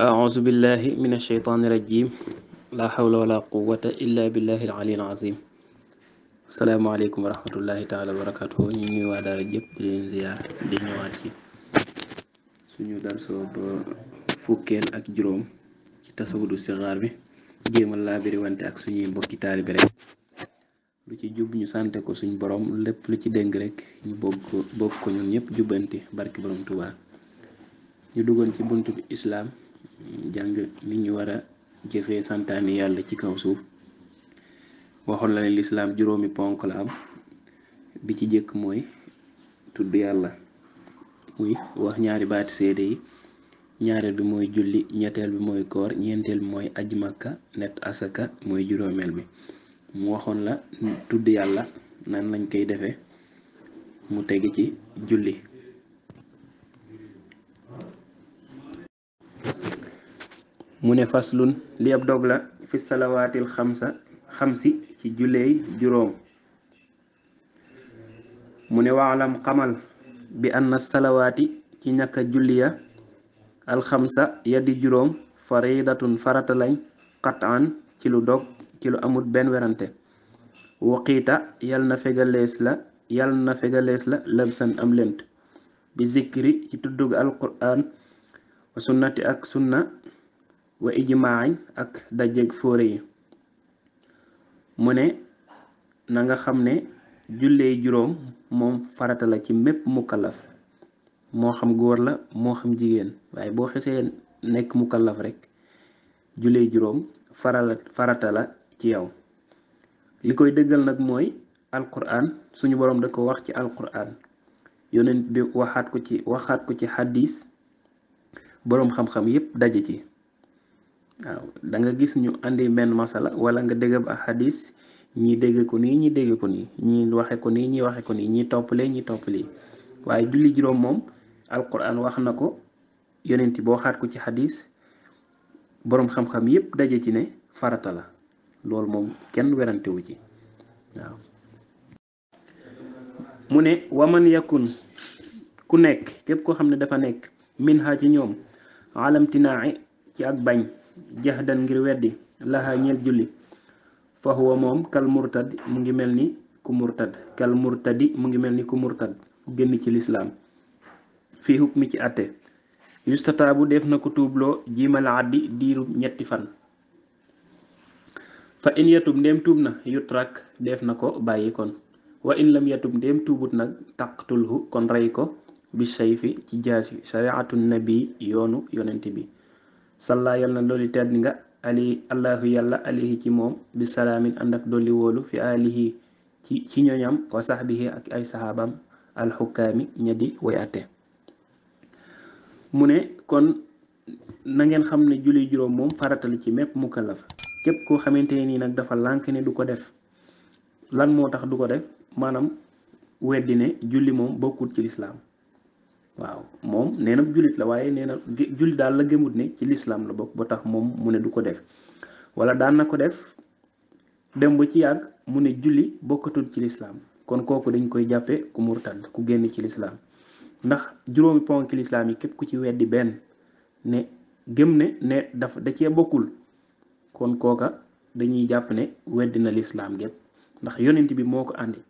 أعوذ بالله من الشيطان الرجيم لا la ولا قوة إلا بالله العلي العظيم السلام عليكم ورحمة الله تعالى وبركاته ñu ñëwaat daal jëpp di leen ziar di ñëwaat ci suñu darsoo ba fukkeel ak juróom ci tasawudu sixaar bi jéemal laa biri wante ak suñu mbokki taalibe rek lu ci jub ñu sante ko suñ borom lépp lu ci dëng rek ñu bokk bokk ñëpp jubbanti barki borom Tuubaa ñu duggoon ci buntu islaam jàng nit ñu war a jëfee santaani yàlla ci kaw suuf waxoon la ne lislaam juróomi ponk la am bi ci jëkk mooy tudd yàlla muy wax ñaari baati seede yi ñaareel bi mooy julli ñetteel bi mooy koor ñeenteel bi mooy aj makka net asaka mooy juróomeel bi mu waxoon la tudd yàlla nan lañ koy defee mu teg ci julli mu ne faslun li ab dog la fi salawaatil xamsa xamsi ci julleey juróom mu ne waalam xamal bi na salawaati ci ñakka julli ya alxamsa yaddi juróom faridatun farata lañ qataan ci lu dog ci lu amul benn werante waqiita yal na fegalees la yal na fegalees la labsan am lent bi zikri ci tuddug alquran wa sunnati ak sunna wa ijmaañ ak dajeek fóore yi mu ne na nga xam ne jullee juróom moom farata la ci mépp mukallaf moo xam góor la moo xam jigéen waaye boo xesee nekk mukallaf rek jullee juróom farata la ci yow li koy dëggal nag mooy alquran suñu boroom da ko wax ci alquran yonent bi waxaat ko ci waxaat ko ci xaddiis boroom xam-xam yépp daje ci waaw da gis ñu andi benn masala wala nga dégg ab xadis ñi dégg ko nii ñi dégg ko nii ñi waxe ko nii ñi waxe ko nii ñi toppalee ñi toppalee waaye julli juróom moom alquran wax na ko yonent boo xaat ko ci xadis boroom xam-xam yépp daje ci ne farata la loolu moom kenn werantewu ci waaw mu ne waman yakun ku nekk képp koo xam ne dafa nekk min ci ñoom alamtinaa'i ci ak bañ jahdan ngir weddi laxaa julli fa huwa moom kal mu ngi mel ni ku murtad kal mu ngi mel ni ku murtad génn ci lislaam fii hukmi ci àtte yustataabu def na ko tuubloo jiimal àddi diiru ñetti fan fa in yatub ndéem tuub na yutrak def na ko bàyyi kon wa in lam yatub ndéem tuubut nag taqtulhu kon rey ko bi sayfi ci jaasi shariatu nabi yoonu yonent bi salla yal na dolli tedd nga ali allahu yàlla alihi ci moom bi salaamin ànd ak dolli wóolu fi alihi ci ci ñoñam wa ak ay saxaabam alxukkaami ña di way atte mu ne kon na ngeen xam ne julli juróom moom faratalu ci mépp mukallaf képp koo xamante nii nag dafa lànk ne du ko def lan moo tax du ko def maanaam weddi ne julli moom bokkut ci lislaam waaw moom nee na jullit la waaye nee na jullit daal la gëmut ne ci lislaam la bokk boo tax moom mu ne du ko def wala daan na ko def dem ba ci yàgg mu ne julli bokkatul ci lislaam kon kooku dañ koy jàppe ku ku génn ci lislaam ndax juróomi ponk lislaam yi képp ku ci weddi benn ne gëm ne ne da cee bokkul kon kooka dañuy jàpp ne weddi na lislaam gépp ndax yonent bi moo ko àndi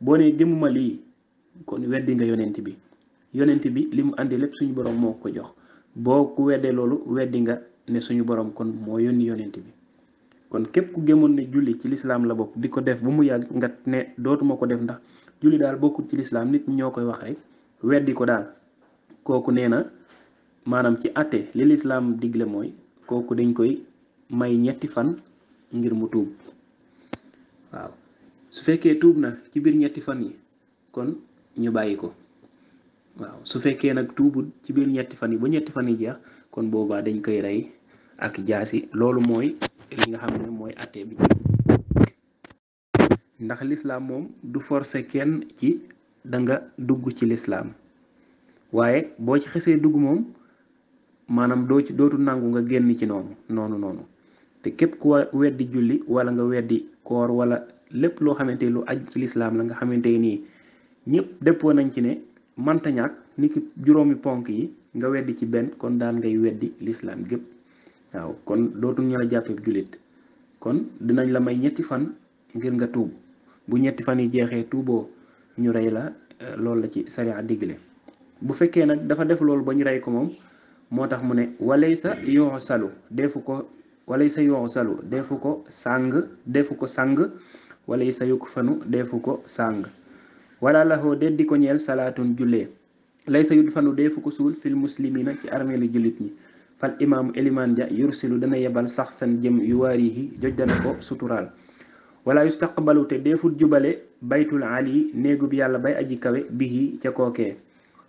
boo ne gëmuma lii kon weddi nga yonent bi yonent bi li mu indi lépp suñu boroom moo ko jox boo ku weddee loolu weddi nga ne suñu borom kon moo yónni yonent bi kon képp ku gëmoon ne julli ci lislaam la bokk di ko def bu mu yàgg nga ne dootuma ko def ndax julli daal bokkul ci lislaam nit ñoo koy wax rek weddi ko daal kooku nee na maanaam ci ate li lislaam digle mooy kooku dañ koy may ñetti fan ngir mu tuub waaw su fekkee tuub na ci biir ñetti fan yi kon ñu bàyyi ko waaw su fekkee nag tuubul ci biir ñetti fan yi ba ñetti fan yi jeex kon boobaa dañ koy rey ak jaasi loolu mooy li nga xam ne mooy atte bi ndax lislaam moom du forcer kenn ci danga dugg ci lislaam waaye boo ci xesee dugg moom maanaam doo ci dootu nangu nga génn ci noonu noonu noonu te képp ku weddi julli wala nga weddi koor wala lépp loo xamante lu aj ci lislaam la nga xamante nii ñëpp dëppoo nañ ci ne manta ñàkk ni ki juróomi ponk yi nga weddi ci benn kon daan ngay weddi lislaam gépp waaw kon dootul ñu la jàppee jullit kon dinañ la may ñetti fan ngir nga tuub bu ñetti fan yi jeexee tuuboo ñu rey la euh, loolu la ci sariya digle bu fekkee nag dafa def loolu ba ñu rey ko moom moo tax mu ne walay sa yoo salu defu ko walay sa yoo salu defu ko sàng defu ko sàng walay sa yukk fanu defu ko sàng wala laxoo deddi ko ñeel salaatun jullee lay sa yud fanu dee fu ko suul ci armeelu jullit yi fal imaamu eliman ja yursilu dana yebal sax seen jëm yu waarihi joj dana ko suturaal wala yustaqbalu te deefut jubale baytul ali néegub yàlla bay aji kawe bihi ca kookee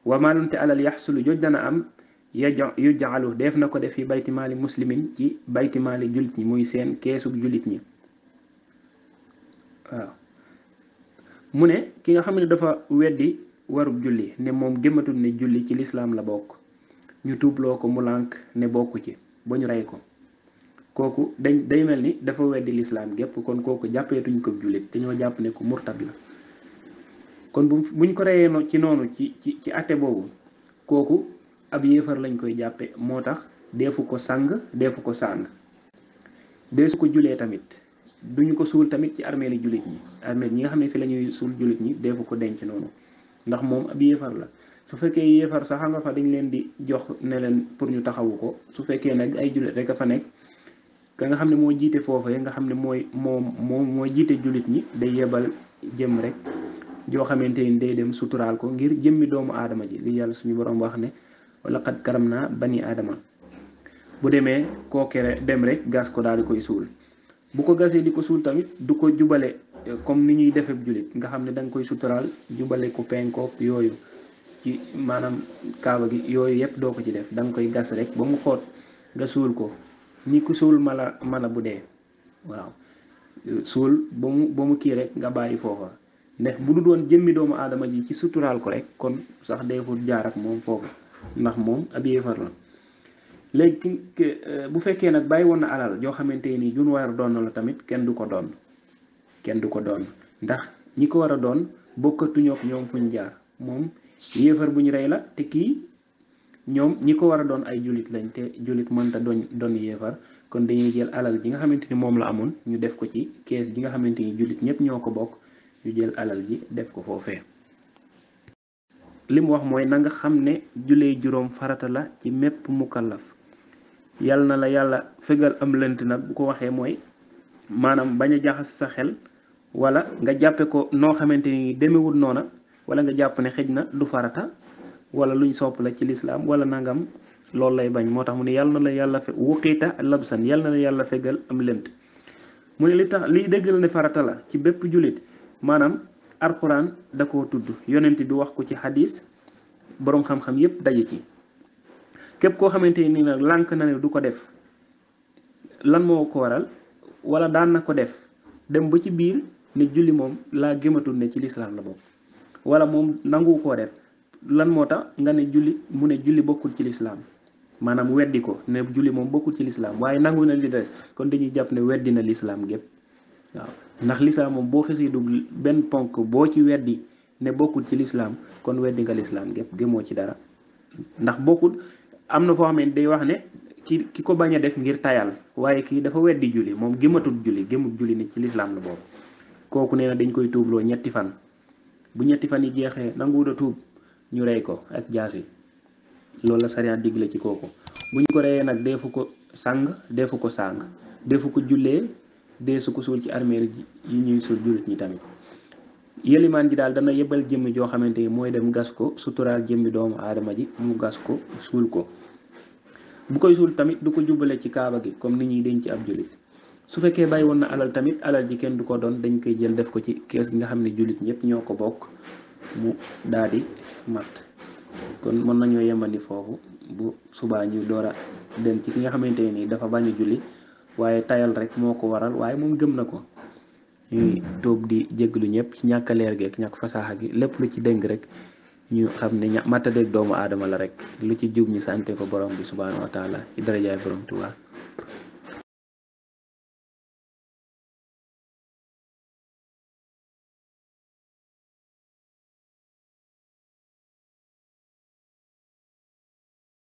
wa maalunte alal yaxsulu joj dana am yu jaxalu def na ko def fi baytimaali muslimin ci baytimaali jullit yi muy seen keesub jullit yi mu ne ki nga xam ne dafa weddi warub julli ne moom gëmatul ne julli ci lislaam la bokk ñu tuubloo ko mu lànk ne bokk ci ba ñu rey ko kooku dañ day mel ni dafa weddi lislaam gépp kon kooku jàppeetuñ ko jullit dañoo jàpp ne ko murtad la kon bu buñ ko reyee ci noonu ci ci ci atte boobu kooku ab yéefar lañ koy jàppe moo tax deefu ko sàng deefu ko sàng ko julee tamit duñu ko suul tamit ci armée li jullit ñi armée ñi nga xam ne fi la suul jullit ñi defu ko denc noonu ndax moom ab yéefar la su fekkee yéefar sax nga fa dañ leen di jox ne leen pour ñu taxawu ko su fekkee nag ay jullit a fa nekk ka nga xam ne moo jiite foofa nga xam ne mooy moom moom moo jiite jullit ñi day yebal jëm rek joo xamante ni day dem suturaal ngir jëmmi doomu aadama ji li yàlla suñu borom wax ne wala xat karam naa bani aadama bu demee kookere dem rek gas ko daal di koy suul bu ko gasee di ko suul tamit du ko jubale eh, comme ni ñuy defee jullit nga xam ne danga koy suturaal jubale ko penkook yooyu ci maanaam kaaba gi yooyu yëpp doo ko ci def da nga koy gas rek ba mu xoot nga suul ko ni ku suul mala mala bu dee waaw eh, suul ba mu ba mu kii rek nga bàyyi foofa ndex bu du doon jëmmi doomu aadama ji ci suturaal ko rek kon sax day fut jaar ak moom foofu ndax moom ab yéefar la léegi eh, bu fekkee nag bàyyi woon na alal joo xamante ni jun war a la tamit kenn du ko doon kenn du ko doon ndax ñi ko war a doon bokkatuñoo ak ñoom fuñ jaar moom yéefar bu ñu rey la te kii ñoom ñi ko war a doon ay jullit lañ te jullit mënta doon doon yéefar kon dañuy jël alal ji nga xamante ni moom la amoon ñu def ko ci kees ji nga xamante ni jullit ñëpp ñoo ko bokk ñu jël alal ji def ko foofe li mu wax mooy na nga xam ne jullee juróom farata la ci mépp mukallaf yal na la yàlla fegal am lënt nag bu ko waxee mooy maanaam bañ a jaxas sa xel wala nga jàppe ko noo xamante ni demewul noona wala nga jàpp ne xëj na du farata wala luñ sopp la ci lislaam wala nangam loolu lay bañ moo tax mu ne yal na la yàlla fe wuqiita labsan yal na la yàlla fegal am lënt mu ne li tax liy dëggal ne farata la ci bépp jullit maanaam alxuraan da ko tudd yonent bi wax ko ci xadis boroom xam-xam yépp daje ci képp koo xamante ni nag lànk na ne du ko def lan moo ko waral wala daan na ko def dem ba ci biir ne julli moom laa gëmatul ne ci lislaam la bokk wala moom nangu koo def lan moo tax nga ne julli mu ne julli bokkul ci lislaam maanaam weddi ko ne julli moom bokkul ci lislaam waaye nangu na li des kon dañuy jàpp ne weddi na lislaam gépp waaw ndax lislaam moom boo xasee dugg benn ponk boo ci weddi ne bokkul ci lislaam kon weddi nga lislaam gépp gëmoo ci dara ndax bokkul am na foo xam ne day wax ne ki ki ko bañ a def ngir tayal waaye kii dafa weddi julli moom gëmatul julli gëmut julli ni ci lislaam la boobu kooku nee na dañ koy tuubloo ñetti fan bu ñetti fan yi jeexee nanguwul tuub ñu rey ko ak jaas loolu la sariya digle ci kooku bu ñu ko reyee nag deefu ko sàng deefu ko sàng deefu ko jullee su ko suul ci armeel yi ñuy suul jullit ñi tamit yëlimaan ji daal dana yebal jëmmi joo xamante ni mooy dem gas ko suturaal jëmmi doomu aadama ji mu gas ko suul ko bu koy suul tamit du ko jubale ci kaaba gi comme ni ñuy denc ab jullit su fekkee bàyyi woon na alal tamit alal ji kenn du ko doon dañ koy jël def ko ci kees gi nga xam ne jullit ñëpp ñoo ko bokk mu daal di mat kon mën nañoo yembandi foofu bu subaa ñu door dem ci ki nga xamante nii dafa bañ a julli waaye tayal rek moo ko waral waaye moom gëm na ko ñuy tuub di jéglu ñëpp ci ñàkk leer gi ak ñàkk fasaaxa gi lépp lu ci dëng rek ñu xam ne ña matadeeg doomu aadama la rek lu ci jub ñu sante ko borom bi subhanahu wa taala ci darajaay borom Tuubaa